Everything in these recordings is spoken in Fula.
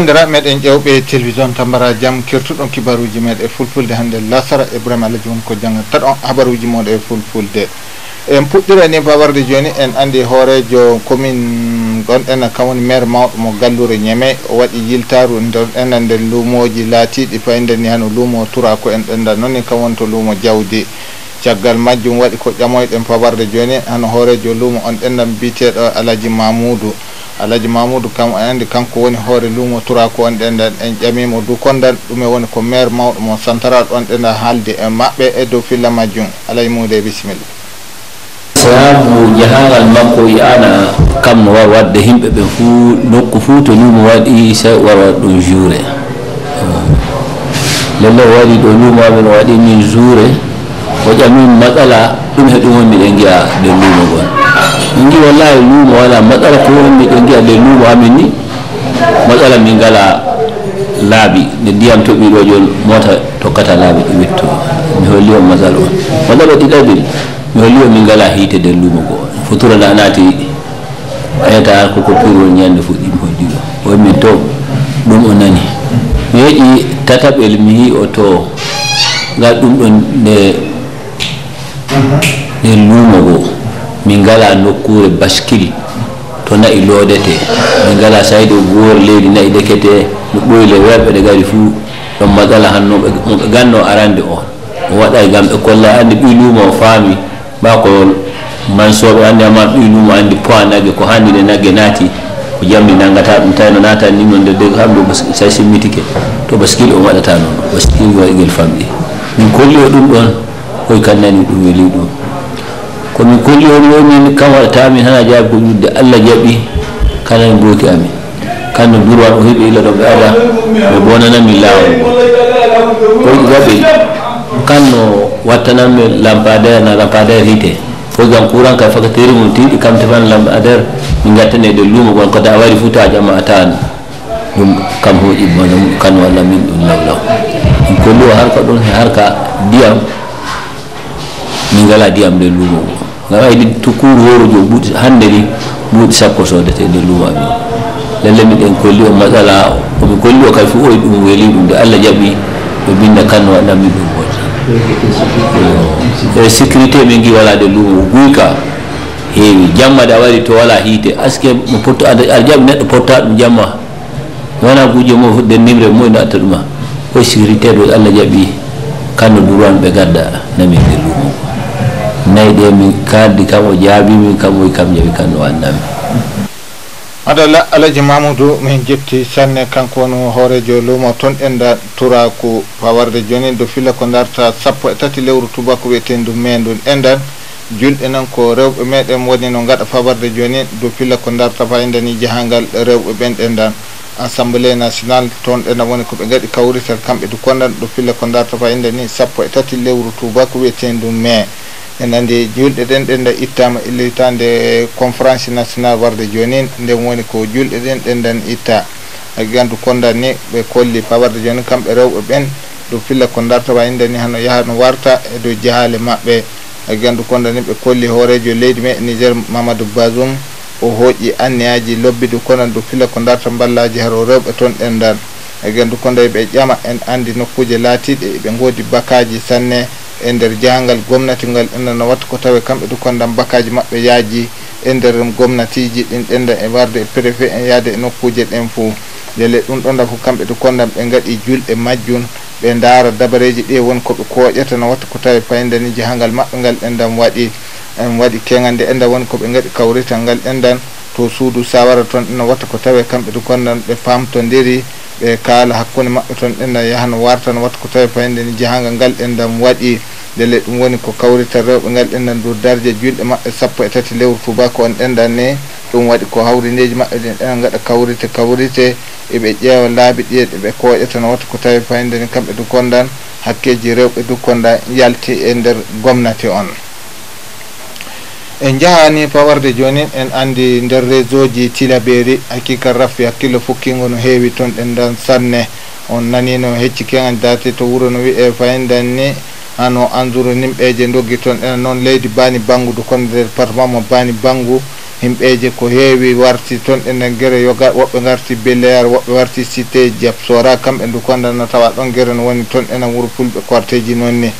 bandiraɓe meɗen ƴewɓe télévision tambara jam kertuɗon kibaruji meɗe fulfulde hannde lasara ibrahima alaji won ko jangga taɗon habaruji moɗe e fulfulde en puɗɗira ni bawarde joni en andi hoorejo commune gonɗen kawoni maire mawɗo mo gallure ñeme o waɗi yiltaru ɗenɗa nder luumoji laatiɗi payndeni hano luumo tura ko en ɗenɗa noonni kam wonto luumo jawdi caggal majjum waɗi ko ƴamoyɗen pabarde joni hano hoorejo luumo on ɗenɗa mbiteɗo alaji mamoudou alhaji mamoudou kam a andi kanko woni hoore luumo turako on ɗenɗen en ƴamimo du kondal ɗume woni ko maire mawɗo mo on ɗon ɗena haalde e maɓɓe e dow filla majjum alhaji mude bisimilla saabu jahangal makko ana kam no wawa wadde himɓe ɓe fuu nokku fuu to luumo waɗi sa wawa ɗum jure lalla o waɗi ɗo luumo amen o waɗi min juure o ƴamin matsala ɗum he ɗum won miɗen giya ɓe lumo gon ngi wallahi lumo wala matsala ko wonde ɗo giya nde lumo amin ni matsala min gala laabi nde ndiyam toɓi ɗo joni mota tokkata laabi ɗi witto mi holli on masal on matsala ɗiɗaɗil mi holli on min gala hiite nder lumo goo futura nda naati ayata koko pirol ñande fuɗɗimi hoddi ɗo o min to ɗum o nani mi heƴi tataɓel mi yi o to ngal ɗum ɗon nde nde lumo goo min ngala nokkure baskiri to na'i lodete min ngala sayde goor leydi na'i dekete no ɓoyle werɓe ɗe gari fuu ɗon matsala hanno ɓe ganno arande on o waɗa gam ɓe kolla andi ɓi lumo o faami man ko mansoɓe andi amma ɓi lumo andi poa nagge ko hanni na nagge naati ko jamdi nanggata ɗum tawi no naatan ni noon dede hamɗo sa simmitike to baskil o waɗata noon baskil waɗigel famɗi min kolli o ɗum ɗon koye kannani ɗum weli ɗum kuma kulli yawmi ni kan wata min hana jabi kuma da Allah bi kana in boki ami kana ni burwa uhibi ila rabbi ada me bona na mi lawo ko jabi kanno wata na mi lambada na lambada hite ko jan kuran ka faka tiri mun ti kam ta ban lambada min gata ne e da lumu gon ko da wari futa jama'a ta dum kam ho ibana kan wala min dun lawla ko lo har ka he har ka diam ninggalah diam di rumah. gara ayi to cour woro jo ɓuuɗi hannde ni ɓuuɗi sappo sodete nde lumami lalle miɗen kolli o masala omi kolli o kadi fo oyi ɗum weeli ɗum nde allah jaɓi ɓe binda kanno waɗanmi ɗum wota e sécurité min gi walade lumo guyka heewi jamma de a wari to wala hiite aske mo potto aɗa jaɓi neɗɗo potta ɗum jamma wona guuje mo de nimre moyno atta ɗuma o sécurité ɗo allah jaɓi kanno duran ɓe gadda namin nde lumo nayi ɗe min kaaldi kam o jaabimi kam oy kam jawi kam no wannami adala alaji mamoudou min jetti sanne kanko wono hoorejo lumo toon ennda turaku pawarde joni do fila ko darta sappo e tati lewru tubako wiyetendu mendu enndan julɓe noon ko rewɓe meɗen woni no gaɗa fabarde joni do filla ko darta fa endani jahangal rewɓe ɓen ɗendan assemblé national toon ɗena woni ko ɓe gaɗi kawritel kamɓe du kondan do filla ko darta fa endani sappo e tati lewru tubako wiyetendu mai en anndi juulɗe ɗen ɗen nda ittama illitande conférence national warde jooni nden woni ko juulɗe ɗen ɗen dan itta hagi gandu kondan ni ɓe kolli pawarde jooni kamɓe rewɓe ɓen ɗo filla ko dartaba inde ni hano yaha no warta e dow jahaale maɓɓe hagi gandu konda ni ɓe kolli hoorejo leydi me niger mamadou basum o hooƴi anniyaji lobbidu konan ɗo filla ko darta mballaji haro rewɓe toon ɗen dan hagi gandu konda ɓe ƴama en anndi nokkuje laatiɗe ɓe goodi bakaji sanne e ndeer jaangal gomnati ngal ina no watta ko tawe kamɓe dukkonndam bakaji maɓɓe yaaji e ndeer gomnatiji ɗin ɗenda e warde e préfet en yahde e nokkuje ɗen fof yale ɗum ɗon da fof kamɓe dukkonndam ɓe ngaɗi julɗe majjun ɓe ndaara dabareji ɗi e woni ko ɓe kooƴata no watta ko tawe payinde ni jahangal maɓɓe ngal ɗendan waɗi en waɗi keŋal nde enda woni ko ɓe ngaɗi kawrital ngal ɗendan to suudu sawara toon ɗina watta ko tawe kamɓe dukkonndam ɓe paamtondiri ɓe kaala hakkunde maɓɓe toon ɗenna yahan wartan wattu ko tawi payinde ni jahangal ngal ɗendam waɗi ndele ɗum woni ko kawrital rewɓe ngal ɗendan dow darje juulɗe maɓɓe sappo e tati lewru tubako on ɗendan ne ɗum waɗi ko hawrindeji maɓɓe ɗin ɗenan gaɗa kawrite kawrite eɓe ƴeewa laabi ɗiɗe ɗeɓe kooƴe tan wattu ko tawi payinde ni kamɓe dukkon dan hakkeji rewɓe dukkon dan yalti e nder gomnati on E en jahani pawarde joni en andi nder réseau ji tilaɓeeri hakkika rafi hakkillo fukkingo no heewi toon ɗen dan sanne on nanino hecci kegan date to wuuro no wiye fayindan ni hano andouro nimɓeje doggi toon ɗen noon leydi bani bangu do konde département mo bani bangu himɓeje ko heewi warti toon ɗen en gere yoga woɓɓe garti bellear woɓɓe warti cité diab sora kamɓe du kondana tawa ɗon gere no woni toon ɗen wuuro fulɓe koarteji noon ni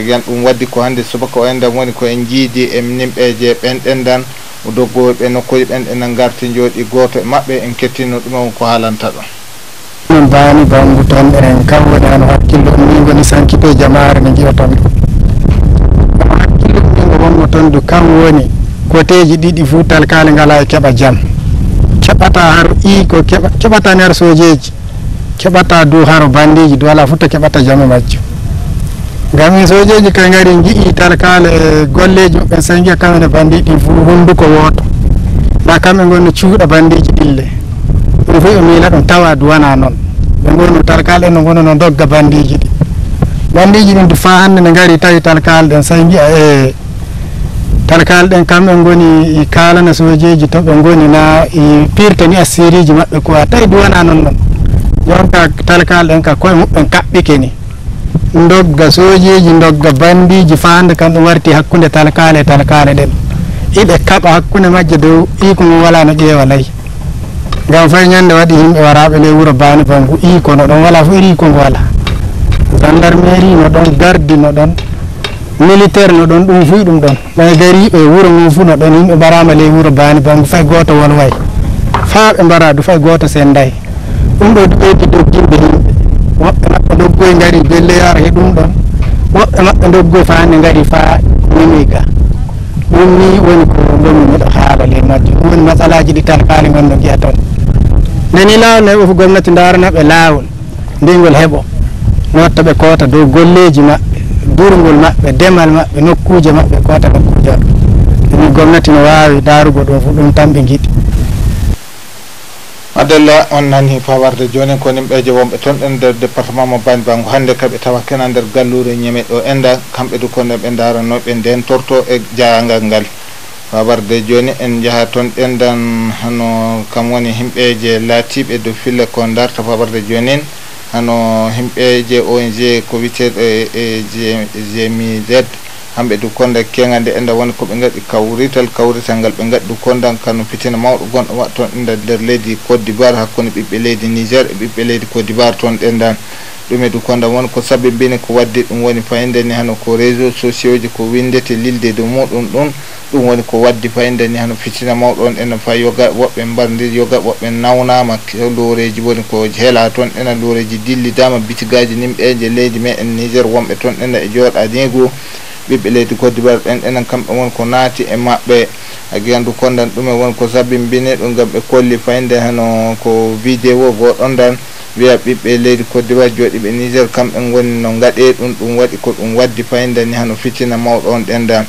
gan ɗum waddi ko hannde subaka o enɗan woni ko en jiidi e nimɓeje ɓenɗen dan doggoɓe nokkuji ɓenɗen an garti jooɗi gooto e maɓɓe en kettino ɗumon ko haalanta ɗon min baani bawngu toon e en kam woni hano hakkillo min goni sankito jamaare ne jiyaton omo hakkillo mingo wonno toon du kam woni koteji ɗiɗi fuu talkale ngala e keɓa jam keɓata har i ko keɓa keɓatani har sojeji keɓata du haro bandiji du ala fof to keɓata jamu majju ngam en so jeji koye ngari jii talkale e golleji maɓɓe so giya kamene bandiɗi ɗi fof ko woto ma kamɓe gonno cuuɗa bandiji ɗille ɗum fof ɓe miila ɗum tawa duwana noon ɓe gonno talkale en no gono no dogga bandiji ɗi bandiji ɗin fa hannde ne ngari tawi tal ɗen so giya e talkale ɗen kamɓe goni kalana sojeji to ɓe goni na pirta ni assiriji maɓɓe ko a tawi duwana noon noon jonka talkale ɗen ka koye muɓɓen kaɓɓike ni dogga sojiji dogga bandiji fanda kam ɗum warti hakkude talakale e talakale ɗen iɓe kaɓa hakkude majje dow iko mum wala no ƴeewa layi gam fay ñande waɗi yimɓe waraɓe nde wuuro bani fo ngu iko no ɗon wala fo iri ko ngu wala gendarmeri no ɗon gardi no ɗon militaire no ɗon ɗum fuy ɗum ɗon ɓay gariɓe wuuro mum fu no ɗon yimɓe mbarama ley wuuro bani bangu fay goto won way faa ɓe mbara du fay goto sen nday ɗum ɗo ɓeydi dogginde yimɓe woɓɓe koye ndaari belleyar he ɗum ɗon woɓɓe maɓɓe doggo fa nde gaari fa momi ga wonni woni ko gomi miɗo haala le majjum woni masalaji ɗi tarkali gonno giya toon nani lawol heɓo fo gomnati daranaɓe lawol ndingol heeɓo notta ɓe kota dow golleji maɓɓe durgol maɓɓe demal maɓɓe nokkuji maɓɓe kota nokkuji maɓɓe ani gomnati no wawi darugo ɗum fo ɗum tan ɓe giɗi adella on nani pawarde joni koni ɓeejo wonɓe toon ɗen nder département mo bani bango hannde kaɓe tawa kena nder gallure ñeme ɗo enda kamɓe du kono ɓe daranoɓe nden torto e jayangal ngal pawarde joni en jaaha toon ɓendan hano kam woni himɓeje laatiɓe do fille ko darta pawarde jonin hano himɓeje ong ko witeɗo e gmiz hamɓe du konda kega nde enda woni koɓe gaɗi kawrital kawrital ngal ɓe gaɗi du kondan kano fitina mawɗo gonɗo wat toon inda nder leydi côte d'ivoire hakkunde ɓiɓɓe leydi niger e ɓiɓɓe leydi côte d'ivoire toon ɗendan ɗum e du konda woni ko sabbi mbini ko waddi ɗum woni fayinde ni hano ko réseau sociau ji ko windete lilde de muɗum ɗum ɗum woni ko waddi fayinde ni hano fitina mawɗo on ɗena fay yoga woɓɓe mbardir yoga woɓɓe nawnama loreji woni ko heela toon ɗena loreji dillidama bitigaji nimɓeje leydi meɗen niger wonɓe toon ɗena e jooɗa nigo ɓiɓɓe leydi goddibar ɗen ɗenen kamɓe wonko naati e maɓɓe agandu kondan ɗume wonko sabimbine ɗum gam ɓe kolli fayde heno ko vidéo goɗon dan wiya ɓiɓɓe leydi codibar joɗiɓe niger kamɓe goni no gaɗe ɗum ɗum waɗi ko ɗum waddi fayida ni hano fitina mawɗo on ɗen dan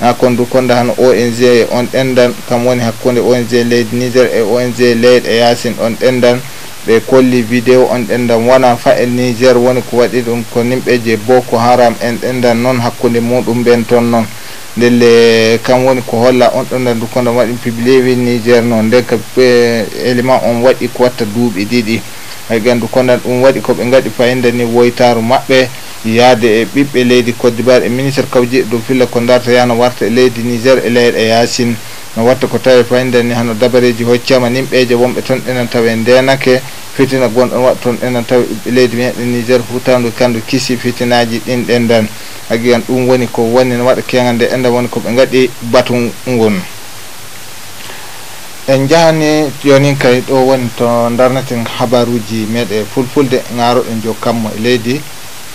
ha kondu konda hano ong on ɗen dan kam woni hakkunde ong leydi niger e ong leyɗe yasin on ɗen dan ɓe kolli vidéo on ɗenndan wona fael niger woni ko waɗi ɗum ko nimɓe je boko haram en ɗenndan noon hakkunde muɗum ɓen toon noon ndelle kam woni ko holla on ɗon ndan dukondan waɗi publiwi niger noon nden ka élément on waɗi ko watta duuɓi ɗiɗi gandu kondan ɗum waɗi ko ɓe gaɗi fayida ni woytaru maɓɓe yaade e ɓiɓɓe leydi cote d'ivoire e ministre kawjiɗe dow filla ko darta yahno warta e leydi niger e leyɗe yasin no watta ko tawi fayinden ni hano dabareji hoccama nimɓeje wonɓe tan enen tawi ndenake fitina gonɗon wat ton enen tawi ɓiɓɓe leydi meɗe nigér futandu kandu kiisi fitinaji ɗin ɗen den haggigan ɗum woni ko woni no waɗa kegal nde enda woni koɓe gaɗi batu ngun en jahani jonin kay ɗo woni to darnaten habaruji meɗe fulfulde garoɗen jo kammo e leydi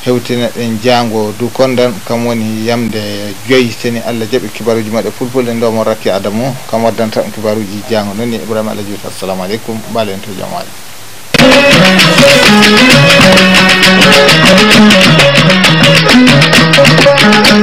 hewtina ɗen jango du kondan kam woni yamde joyi seni allah jaɓi kibaruji maɗe fulfulde ndo mon rakki adamu kam waddanta ɗum kibaruji jango noon ni ibrahima allah juuta assalamu aleykum mbalen to jamaji Thank you.